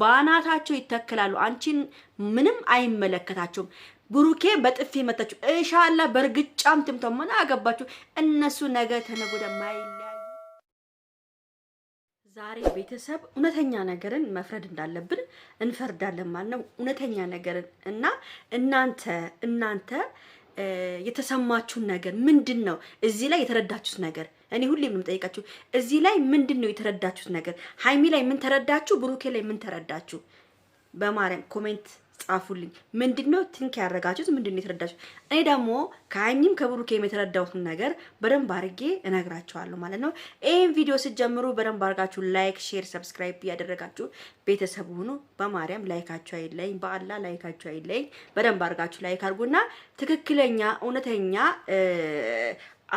ባናታቸው ይተክላሉ። አንቺን ምንም አይመለከታቸውም። ብሩኬ በጥፊ መታችሁ፣ እሻላ በእርግጫም ትምቶ ምን አገባችሁ እነሱ ነገ ተነጎደ ማይለያዩ። ዛሬ ቤተሰብ እውነተኛ ነገርን መፍረድ እንዳለብን እንፈርዳለን ማለት ነው። እውነተኛ ነገርን እና እናንተ እናንተ የተሰማችሁን ነገር ምንድን ነው እዚህ ላይ የተረዳችሁት ነገር እኔ ሁሌም የምጠይቃችሁ እዚህ ላይ ምንድን ነው የተረዳችሁት ነገር? ሀይሚ ላይ ምን ተረዳችሁ? ብሩኬ ላይ ምን ተረዳችሁ? በማርያም ኮሜንት ጻፉልኝ። ምንድን ነው ትንክ ያደረጋችሁት? ምንድን ነው የተረዳችሁት? እኔ ደግሞ ከሀይሚም ከብሩኬም የተረዳሁትን ነገር በደንብ አድርጌ እነግራችኋለሁ ማለት ነው። ይህን ቪዲዮ ስትጀምሩ በደንብ አድርጋችሁ ላይክ፣ ሼር፣ ሰብስክራይብ እያደረጋችሁ ቤተሰብ ሁኑ። በማርያም ላይካችሁ አይለኝ፣ በአላ ላይካችሁ አይለኝ። በደንብ አድርጋችሁ ላይክ አድርጉና ትክክለኛ እውነተኛ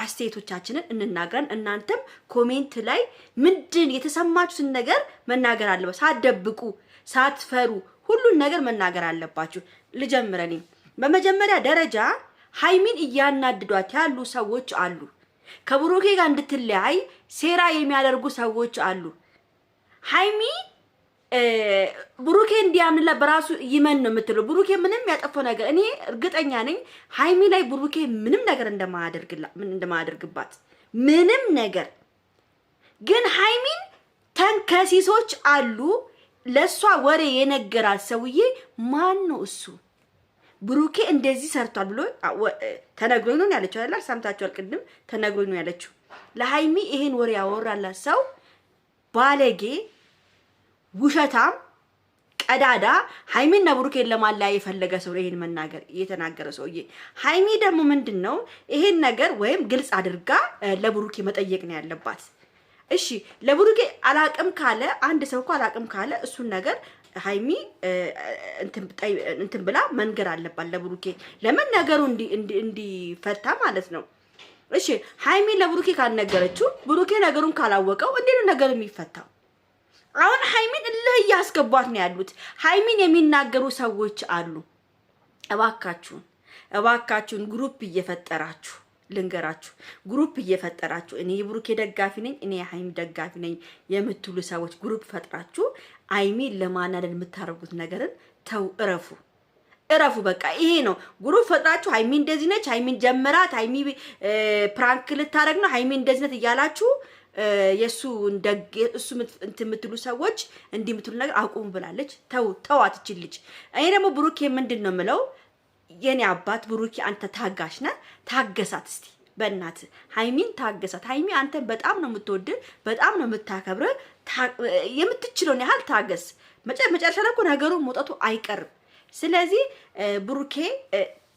አስተያየቶቻችንን እንናገረን። እናንተም ኮሜንት ላይ ምንድን የተሰማችሁትን ነገር መናገር አለባችሁ። ሳትደብቁ፣ ሳትፈሩ ሁሉን ነገር መናገር አለባችሁ። ልጀምረኔ በመጀመሪያ ደረጃ ሀይሚን እያናድዷት ያሉ ሰዎች አሉ። ከብሩኬ ጋር እንድትለያይ ሴራ የሚያደርጉ ሰዎች አሉ። ሀይሚ ብሩኬ እንዲያምንላት በራሱ ይመን ነው የምትለው። ብሩኬ ምንም ያጠፋው ነገር እኔ እርግጠኛ ነኝ ሀይሚ ላይ ብሩኬ ምንም ነገር እንደማያደርግባት ምንም ነገር ግን ሀይሚን ተንከሲሶች አሉ። ለእሷ ወሬ የነገራት ሰውዬ ማን ነው እሱ? ብሩኬ እንደዚህ ሰርቷል ብሎ ተነግሮኝ ነው ያለችው አይደል? ሰምታችኋል። ቅድም ተነግሮኝ ነው ያለችው። ለሀይሚ ይሄን ወሬ ያወራላት ሰው ባለጌ ውሸታም፣ ቀዳዳ ሀይሚና ብሩኬን ለማለያ የፈለገ ሰው ይሄን መናገር የተናገረ ሰውዬ። ሀይሚ ደግሞ ምንድን ነው ይሄን ነገር ወይም ግልጽ አድርጋ ለብሩኬ መጠየቅ ነው ያለባት። እሺ ለብሩኬ አላቅም ካለ አንድ ሰው እኮ አላቅም ካለ እሱን ነገር ሀይሚ እንትን ብላ መንገር አለባት ለብሩኬ። ለምን ነገሩ እንዲፈታ ማለት ነው። እሺ ሀይሚ ለብሩኬ ካልነገረችው ብሩኬ ነገሩን ካላወቀው እንዴት ነው ነገሩ የሚፈታው? አሁን ሀይሚን እልህ እያስገቧት ነው ያሉት። ሀይሚን የሚናገሩ ሰዎች አሉ። እባካችሁን እባካችሁን ግሩፕ እየፈጠራችሁ ልንገራችሁ፣ ግሩፕ እየፈጠራችሁ እኔ የብሩኬ ደጋፊ ነኝ፣ እኔ የሀይሚ ደጋፊ ነኝ የምትሉ ሰዎች ግሩፕ ፈጥራችሁ ሀይሚን ለማናደድ የምታደርጉት ነገርን ተው፣ እረፉ እረፉ በቃ ይሄ ነው። ግሩፕ ፈጥራችሁ ሀይሚ እንደዚህ ነች፣ ሀይሚን ጀምራት፣ ሀይሚ ፕራንክ ልታደርግ ነው፣ ሀይሚ እንደዚህ ነች እያላችሁ የእሱ እሱ የምትሉ ሰዎች እንዲህ የምትሉ ነገር አቁሙ ብላለች። ተው ተዋት ይቺ ልጅ። እኔ ደግሞ ብሩኬ ምንድን ነው የምለው የኔ አባት ብሩኬ፣ አንተ ታጋሽ ነህ። ታገሳት እስቲ በእናት ሀይሚን ታገሳት። ሀይሚ አንተን በጣም ነው የምትወድ፣ በጣም ነው የምታከብረ። የምትችለውን ያህል ታገስ። መጨረሻ ላይ እኮ ነገሩ መውጣቱ አይቀርም። ስለዚህ ብሩኬ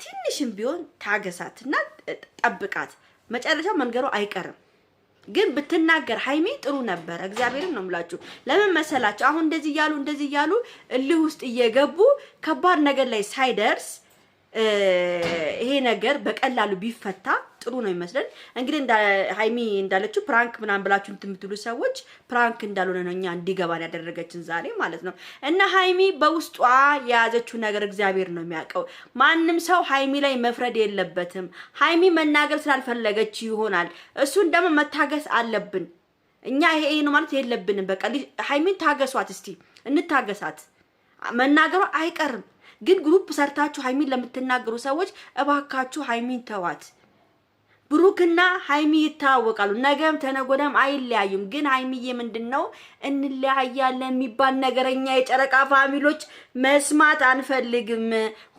ትንሽም ቢሆን ታገሳት እና ጠብቃት። መጨረሻው መንገሩ አይቀርም። ግን ብትናገር ሀይሜ ጥሩ ነበረ። እግዚአብሔርን ነው የምላችሁ። ለምን መሰላችሁ? አሁን እንደዚህ እያሉ እንደዚህ እያሉ እልህ ውስጥ እየገቡ ከባድ ነገር ላይ ሳይደርስ ይሄ ነገር በቀላሉ ቢፈታ ጥሩ ነው ይመስለን። እንግዲህ ሀይሚ እንዳለችው ፕራንክ ምናምን ብላችሁ የምትሉ ሰዎች ፕራንክ እንዳልሆነ ነው እኛ እንዲገባን ያደረገችን ዛሬ ማለት ነው። እና ሀይሚ በውስጧ የያዘችው ነገር እግዚአብሔር ነው የሚያውቀው። ማንም ሰው ሀይሚ ላይ መፍረድ የለበትም። ሀይሚ መናገር ስላልፈለገች ይሆናል። እሱን ደግሞ መታገስ አለብን እኛ። ይሄ ነው ማለት የለብንም። በቃ ሀይሚን ታገሷት፣ እስቲ እንታገሳት። መናገሯ አይቀርም ግን ግሩፕ ሰርታችሁ ሀይሚን ለምትናገሩ ሰዎች እባካችሁ ሀይሚን ተዋት። ብሩክና ሀይሚ ይታወቃሉ። ነገም ተነጎዳም አይለያዩም። ግን ሀይሚዬ ምንድን ነው እንለያያለን የሚባል ነገረኛ የጨረቃ ፋሚሎች መስማት አንፈልግም።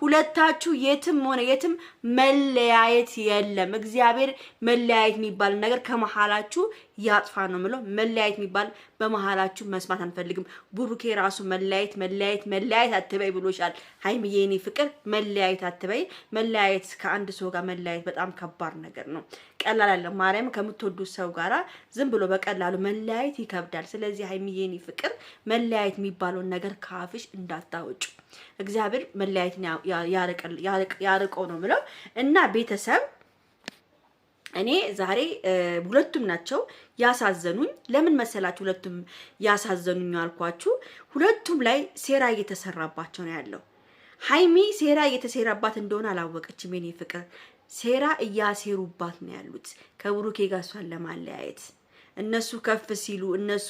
ሁለታችሁ የትም ሆነ የትም መለያየት የለም። እግዚአብሔር መለያየት የሚባል ነገር ከመሀላችሁ ያጥፋ ነው ምለው። መለያየት የሚባል በመሀላችሁ መስማት አንፈልግም። ቡሩኬ ራሱ መለያየት መለያየት መለያየት አትበይ ብሎሻል። ሀይሚዬ የኔ ፍቅር መለያየት አትበይ። መለያየት ከአንድ ሰው ጋር መለያየት በጣም ከባድ ነገር ነው። ቀላል አለ ማርያም ከምትወዱት ሰው ጋር ዝም ብሎ በቀላሉ መለያየት ይከብዳል። ስለዚህ ሀይሚዬ የኔ ፍቅር መለያየት የሚባለውን ነገር ከአፍሽ እንዳታወጩ። እግዚአብሔር መለያየትን ያርቀው ነው ምለው እና ቤተሰብ እኔ ዛሬ ሁለቱም ናቸው ያሳዘኑኝ ለምን መሰላችሁ? ሁለቱም ያሳዘኑኝ አልኳችሁ። ሁለቱም ላይ ሴራ እየተሰራባቸው ነው ያለው። ሀይሚ ሴራ እየተሴራባት እንደሆነ አላወቀችም። የኔ ፍቅር ሴራ እያሴሩባት ነው ያሉት ከብሩኬ ጋር እሷን ለማለያየት እነሱ ከፍ ሲሉ እነሱ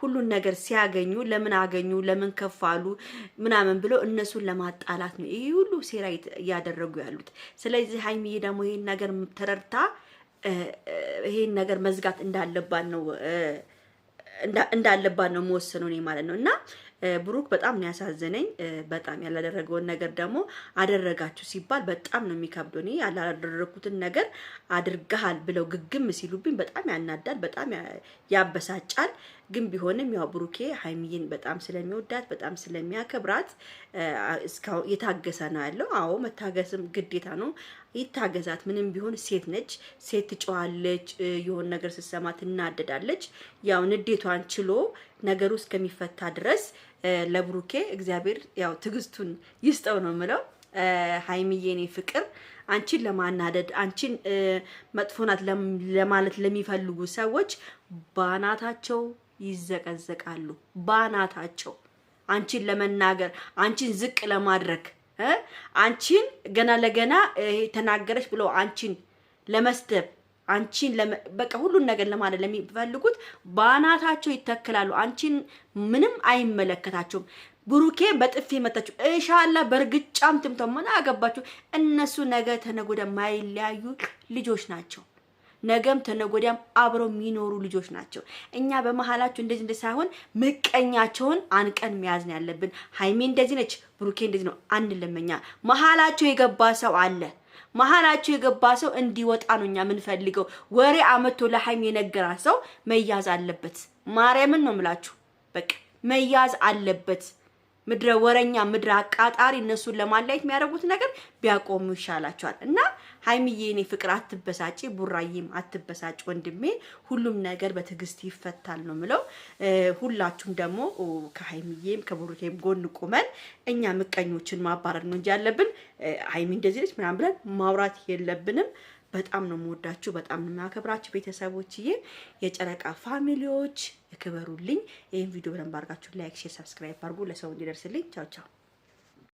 ሁሉን ነገር ሲያገኙ ለምን አገኙ ለምን ከፍ አሉ ምናምን ብለው እነሱን ለማጣላት ነው ይህ ሁሉ ሴራ እያደረጉ ያሉት። ስለዚህ ሀይሚዬ ደግሞ ይህን ነገር ተረድታ ይሄን ነገር መዝጋት እንዳለባት ነው እንዳለባት ነው መወሰኑ እኔ ማለት ነው እና ብሩክ በጣም ያሳዘነኝ። በጣም ያላደረገውን ነገር ደግሞ አደረጋችሁ ሲባል በጣም ነው የሚከብደው። እኔ ያላደረግኩትን ነገር አድርገሃል ብለው ግግም ሲሉብኝ በጣም ያናዳል፣ በጣም ያበሳጫል። ግን ቢሆንም ያው ብሩኬ ሀይሚዬን በጣም ስለሚወዳት በጣም ስለሚያከብራት እስካሁን የታገሰ ነው ያለው። አዎ መታገስም ግዴታ ነው። ይታገዛት። ምንም ቢሆን ሴት ነች፣ ሴት ትጮዋለች፣ የሆን ነገር ስትሰማ ትናደዳለች። ያው ንዴቷን ችሎ ነገሩ እስከሚፈታ ድረስ ለብሩኬ እግዚአብሔር ያው ትግስቱን ይስጠው ነው የምለው። ሀይሚዬ እኔ ፍቅር አንቺን ለማናደድ አንቺን መጥፎ ናት ለማለት ለሚፈልጉ ሰዎች ባናታቸው ይዘቀዘቃሉ። ባናታቸው አንቺን ለመናገር አንቺን ዝቅ ለማድረግ አንቺን ገና ለገና ተናገረች ብለው አንቺን ለመስደብ አንቺን በቃ ሁሉን ነገር ለማለት ለሚፈልጉት ባናታቸው ይተክላሉ። አንቺን ምንም አይመለከታቸውም። ብሩኬ በጥፊ መታችሁ እሻላ በእርግጫም ትምቶ ምን አገባችሁ? እነሱ ነገ ተነጎዳ ማይለያዩ ልጆች ናቸው። ነገም ተነጎዳም አብረው የሚኖሩ ልጆች ናቸው። እኛ በመሀላችሁ እንደዚህ እንደዚህ ሳይሆን ምቀኛቸውን አንቀን መያዝ ነው ያለብን። ሀይሜ እንደዚህ ነች፣ ብሩኬ እንደዚህ ነው አንለመኛ መሀላቸው የገባ ሰው አለ መሀላቸው የገባ ሰው እንዲወጣ ነው እኛ የምንፈልገው። ወሬ አመቶ ለሀይም የነገራ ሰው መያዝ አለበት። ማርያምን ነው ምላችሁ። በቃ መያዝ አለበት። ምድረ ወረኛ፣ ምድረ አቃጣሪ፣ እነሱን ለማለያየት የሚያደርጉት ነገር ቢያቆሙ ይሻላቸዋል እና ሀይሚዬ እኔ ፍቅር አትበሳጭ፣ ቡራዬም አትበሳጭ ወንድሜ፣ ሁሉም ነገር በትዕግስት ይፈታል ነው ምለው። ሁላችሁም ደግሞ ከሀይሚዬም ከቡሩኬም ጎን ቁመን እኛ ምቀኞችን ማባረር ነው እንጂ ያለብን ሀይሚ እንደዚህ ነች ምናምን ብለን ማውራት የለብንም። በጣም ነው የምወዳችሁ፣ በጣም ነው የማከብራችሁ ቤተሰቦችዬ፣ የጨረቃ ፋሚሊዎች ክበሩልኝ። ይህን ቪዲዮ በደንብ አድርጋችሁ ላይክ፣ ሼር፣ ሰብስክራይብ አድርጉ ለሰው እንዲደርስልኝ። ቻው ቻው።